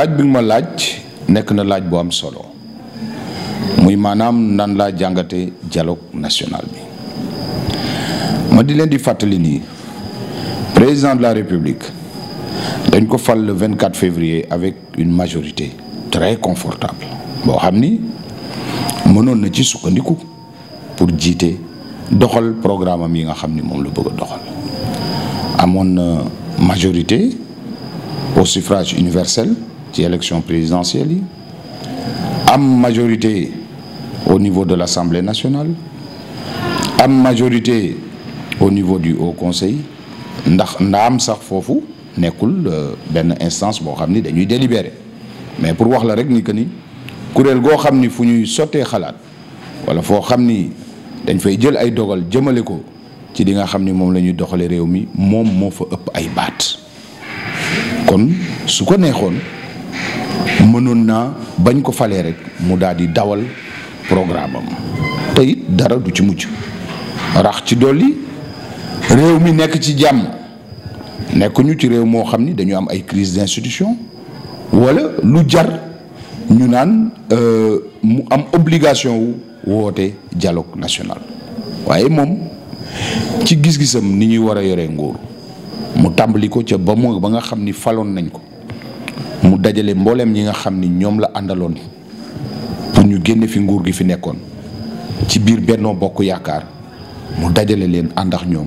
laaj bi ma laaj nekk na laaj bu am solo muy manam nan la jangate dialogue national bi ma di len di fàttali ni président de la république dañ ko fal le 24 février avec une majorité très confortable bo xamni ni na ci sukkandiku pour jiite doxal programme mi nga xamni mom la bëgg a doxal amone majorité au suffrage universel ci élection présidentielle am majorité au niveau de l'Assemblée nationale am majorité au niveau du Haut Conseil ndax ndaam sax fofu nekul euh, ben instance bo xamni dañuy délibérer mais pour wax la rek ni que ni kuréel go xamni fuñuy soté xalat wala fo xamni dañ fay jël ay dogal jëmale ko ci li nga xamni mom lañuy la ñuy doxale réew mi moom fa ëpp ay baat kon su ko neexoon mënon na bañ ko falé rek mu daldi di dawal programme am te dara du ci mucc rax ci doli rew mi nek ci jàmm nekkuñu ci rew mo xamni dañu am ay crise d'institution wala lu jar ñu naan euh, mu am obligation wu woote dialogue national waye mom ci gis-gisam ni ñi wara yoré ngor mu tambaliko ci ba mo ba nga xamni falon nañ ko mu dajale mbollem ñi nga xamni ni la andalon pour ñu genn fi nguur gi fi nekkon ci biir Benno Bokk yaakar mu dajale leen andax ñom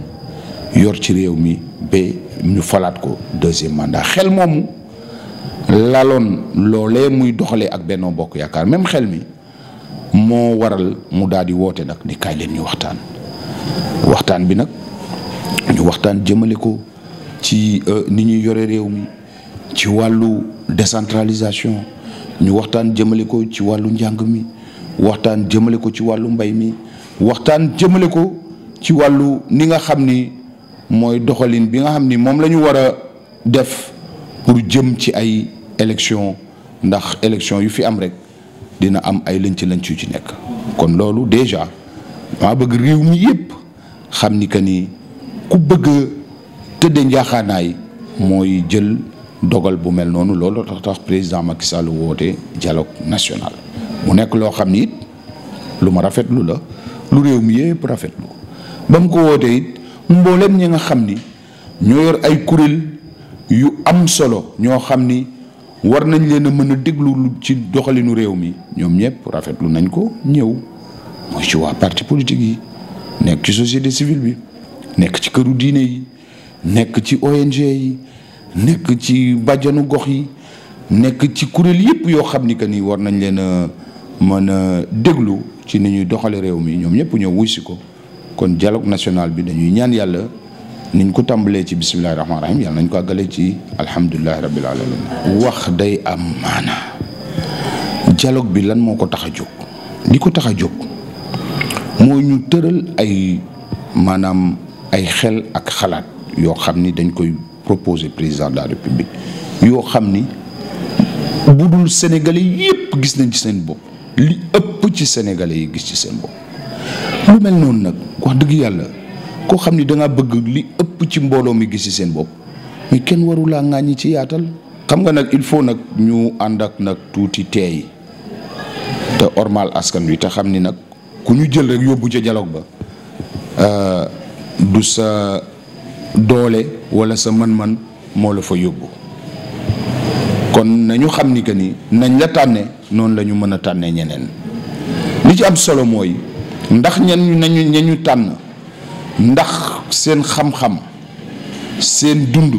yor ci rew mi be ñu falat ko deuxième mandat xel momu lalon lolé muy doxalee ak Benno Bokk yaakar même xel mi mo waral mu daal di nak di kay kaay leen ñu waxtaan waxtaan bi nak ñu waxtaan jëmele ko ci euh, ni ñuy yore rew mi ci wàllu décentralisation ñu waxtaan jëmale ko ci wàllu njàng mi waxtaan jëmale ko ci wàllu mbay mi waxtaan jëmale ko ci wàllu ni nga xam ni mooy doxalin bi nga xam ni moom lañu ñu war a def pour jëm ci ay élection ndax élection yu fi am rek dina am ay lënc-lënc yu ci nekk kon loolu déjà maa bëgg réew mi yépp xam ni que ni ku bëgg tëdde njaaxaanaay mooy jël dogal bu mel noonu loolu tax tax président Macky Sall wootee dialogue national mu nekk loo xam ni it lu ma rafetlu la lu réew mi yëpp rafetlu ba mu ko wootee it mboolem ñi nga xam ni ñoo yor ay kuréel yu am solo ñoo xam ni war nañ leen mën a déglu ci doxalinu réew mi ñoom ñëpp rafetlu nañ ko ñëw mooy ci waa parti politique yi nekk ci société civile bi nekk ci këru diine yi nekk ci ONG yi Nek ci bàjjanu gox yi nekk ci kuréel yëpp yoo xam ni que ni war nañ leen a mën ci doxale mi ñoom ñëpp ñëw kon dialogue national bi dañuy ñaan yàlla niñ ko tàmbalee ci bisimilahi rahmaani rahim yàlla nañ ko àggale ci alhamdulilahi alamin wax day am mana dialogue bi lan moo ko kajuk, a jóg li ko ñu ay manam ay xel ak xalaat yoo xam dañ koy proposé président de la république yo xamni budul sénégalais yépp gis nañ ci seen bop li ëpp ci sénégalais yi gis ci seen bop lu mel non nak wax dëgg yalla ko xamni da nga bëgg li ëpp ci mbolo mi gis ci seen bopp mais kenn la ŋàññi ci yaatal xam nga nak il faut nak ñu andak nak touti ormal askan wi te xamni nak ku ñu jël rek ci dialogue ba euh, du sa doole wala sa man man moo la fa yóbbu kon nañu xam ni que ni nañ la tànne noonu lañu mën a tànnee ñeneen li ci am solo mooy ndax ñenn nañu ñañu tànn ndax seen xam-xam seen dund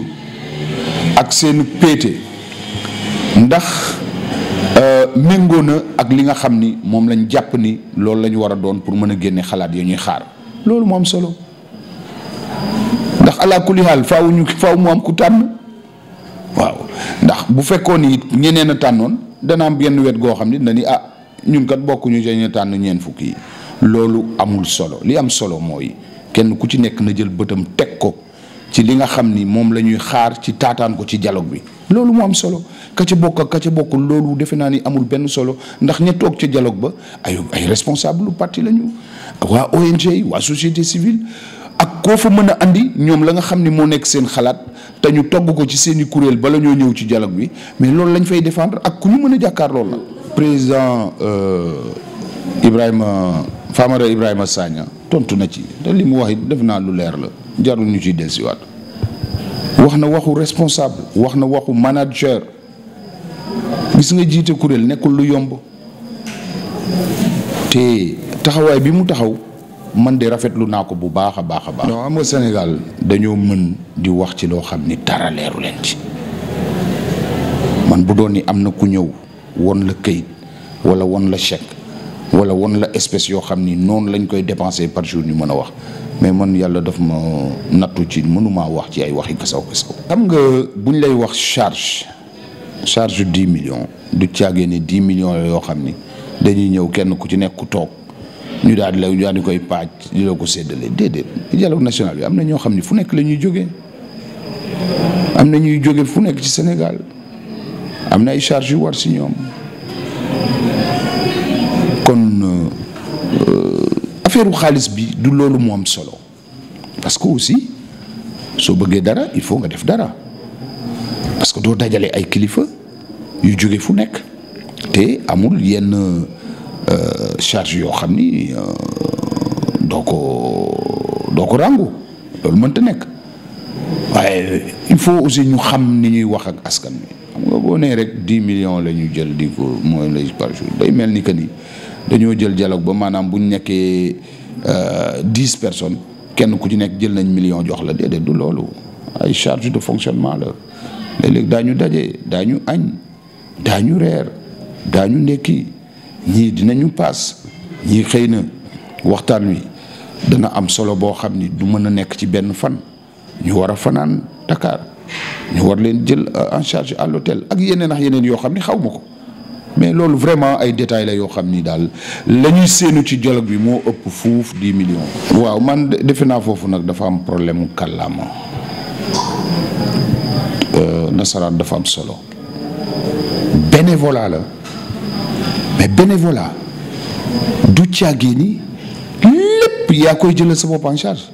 ak seen péete ndax euh, méngoo na ak li nga xam ni moom lañ jàpp ni loolu la ñu war a doon pour mën a génne xalaat ya ñuy xaar loolu moo am solo. ala kulli haal faaw ñu faaw mu am ku tànn waaw ndax bu fekkoon ni it ñeneen a tànnoon dana am benn wet goo xam ne dina ni ah ñun kat bokkuñu si ñu tànn ñeen fukki loolu amul solo li am solo mooy kenn ku ci nekk na jël bëtam teg ko ci li nga xam ni moom la ñuy xaar ci taataan ko ci dialogue bi. loolu mu am solo ka bokk ak bokkul loolu defe naa ni amul benn solo ndax ña toog ca dialogue ba ay ay responsable lu parti la waa ONG waa société civile. koo fa mën a andi ñoom la nga xam ni moo nekk seen xalaat te ñu togg ko ci seen i kuréel bala ñoo ñëw ci dialogue bi mais loolu lañ fay défendre ak ku ñu mën a jàkkaar loolu la président euh, Ibrahima Famara Ibrahima Sagna tontu na ci te li mu wax it def naa lu leer la jarul ñu ciy dellusiwaat wax na waxu responsable wax na waxu manager gis nga jiite kuréel nekkul lu yomb te taxawaay bi mu taxaw. man de rafetlu naa ko bu baax a baax non am nga Sénégal dañoo mën di wax ci lo xamni ni dara leeru leen ci man bu doon ni am ku ñew won la këyit wala won la chèque wala won la espèce yo xamni non lañ koy dépenser par jour ñu mëna wax mais man yalla daf ma nattu ci mënumaa wax ci ay waxi kasaw kasaw. xam nga buñ lay wax charge charge 10 millions du caagee ne dix millions yo xamni dañuy ñew kenn ku ci nekk tok ñu daal di la ñu daal di koy paaj di la ko séddale déedéet dialogue national bi am na ñoo xam ne fu nekk la ñuy jógee am na ñuy jóge fu nekk ci Sénégal am na ay charge yu war si ñoom kon euh, affaire xaalis bi du loolu moo am solo parce que aussi soo bëggee dara il faut nga def dara parce que doo dajale ay kilifa yu jóge fu nekk te amul yenn. Euh, charge yo xamni ni euh, doko ko doo ko ràngu nek mënta waaye il faut aussi ñu xam ni ñuy wax ak askan bi xam nga bo nee rek 10 millions la ñu jël di ko mooy lay par jour day mel que ni dañu jël dialogue ba manam buñu nekké euh 10 personnes kenn ku ci nekk jël nañ million jox la dédé du loolu ay charge de fonctionnement la léeg-léeg daañu daje daañu añ daañu reer daañu ndekki ñii dinañu pass, ñii xëy na waxtaan dana am solo boo ni du mën a ci benn fan ñu Dakar ñu war leen euh, en charge à l'hôtel mais loolu vraiment ay détails ni daal ci dialogue bi 10 millions. waaw man dafa am problème euh, dafa mais bénévolat du le il n'y a pas de se pas en charge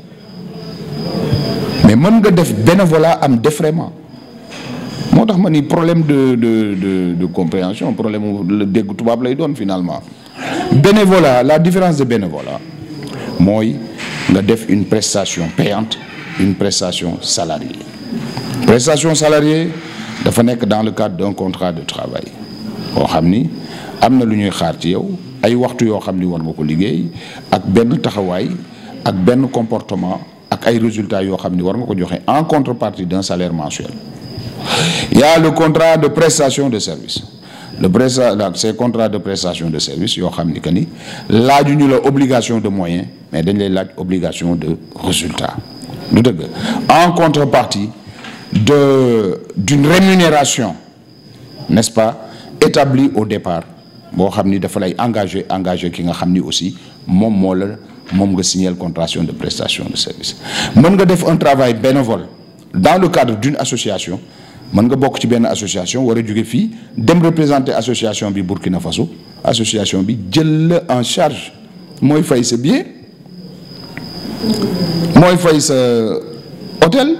mais mën nga def bénévolat am défraiement Moi, tax ma un problème de de de compréhension problème le de finalement. bénévolat la différence de bénévolat moi, nga def une prestation payante une prestation salariée prestation salariée dafa que dans le cadre d'un contrat de travail boo xam ni am xaar ci yow ay waxtu yo xamni won mako nga liggéey ak benn taxaway ak benn comportement ak ay résultats yo xamni war nga ko joxe en contrepartie d'un salaire mensuel. Il y a le contrat de prestation de service le presta c'est contrat de prestation de service yo xamni kani que ñu la obligation de moyens mais dañ lay laaj obligation de résultats. du dëgg en contrepartie de d'une rémunération n'est-ce pas établi au départ il xam engager, engagé aussi Mon mon de prestation de service Mon nga un travail bénévole dans le cadre d'une association Mon nga association war a représenter association bi Burkina Faso association bi en charge faut fay billet fay un hôtel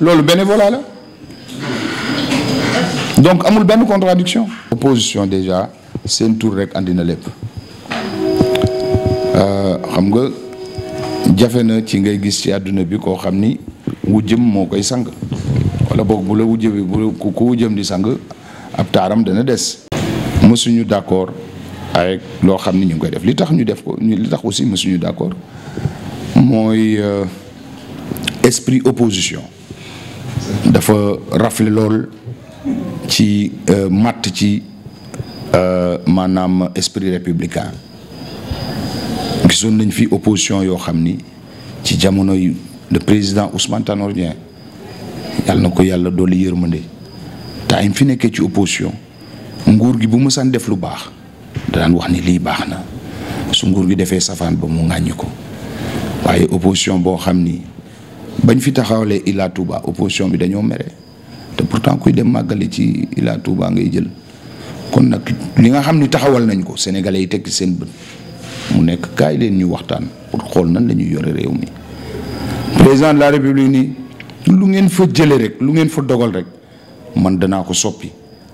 mais bénévolat donc amul benn contradiction opposition déjà seen tour rek andi na lépp euh, xam nga jafe na ci ngay gis ci àdduna bi koo xam ni wujjëm moo sang wala boog bu la wujjë bi bu ku wujjëm di sang ab taaram dana des mësuñu d'accord avec loo xam ni ñu ngi koy def li tax ñu def ko li tax aussi mësuñu d'accord mooy euh, esprit opposition dafa rafle lool ci euh, mat ci euh, manam esprit républicain gisoon nañ fi opposition yo xamni ci jamono yu le président Ousmane Tanor Dieng yàlla na ko yàlla dolli yërmande temps yi fi nekkee ci opposition nguur gi bu san def lu bax da daan wax ni li baxna na su nguur gi defee safaan ba mu ŋàññi ko opposition bo xamni ni bañ fi taxawlé Ila Touba opposition bi dañoo méré te pourtant kuy dem màggale ci Ila Touba ngay jël kon nag li nga xam ni taxawal nañ ko sénégalais yi teg ci seen bët mu nekk kaay leen ñu waxtaan pour xool nan la yore réew mi président de la république nii lu ngeen fa jële rek lu ngeen fa dogal rek man danaa ko soppi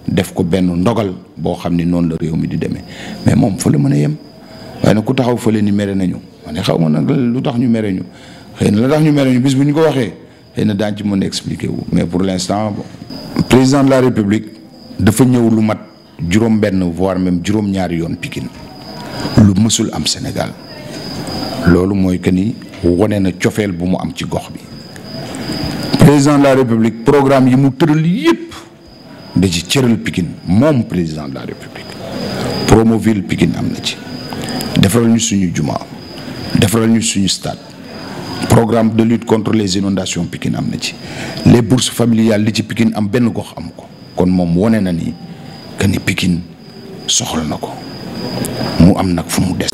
def ko benn ndogal boo xam ni noonu la réew mi di demee mais moom fa la mën a yem waaye nag ku taxaw fële ni mere nañu ma ne xaw ma nag lu tax ñu mere ñu xëy na la tax ñu mere ñu bis bu ñu ko waxee xëy na daañu mën a wu mais pour l'instant bon président de la république dafa ñëw lu mat juróom-benn voire même juróom-ñaari yoon Pikine lu mësul am Sénégal loolu mooy que ni wane na cofeel bu mu am ci gox bi président de la république programme yi mu tëral yépp da ci cëral Pikine moom président de la république Promoville Pikine am na ci defaral ñu suñu jumaa defaral ñu suñu stade. programme de lutte contre les inondations Pikine am na ci les bourses familiales li ci Pikine am benn gox am ko kon moom wone na ni que ni Pikine soxla na ko mu am nag fu mu des.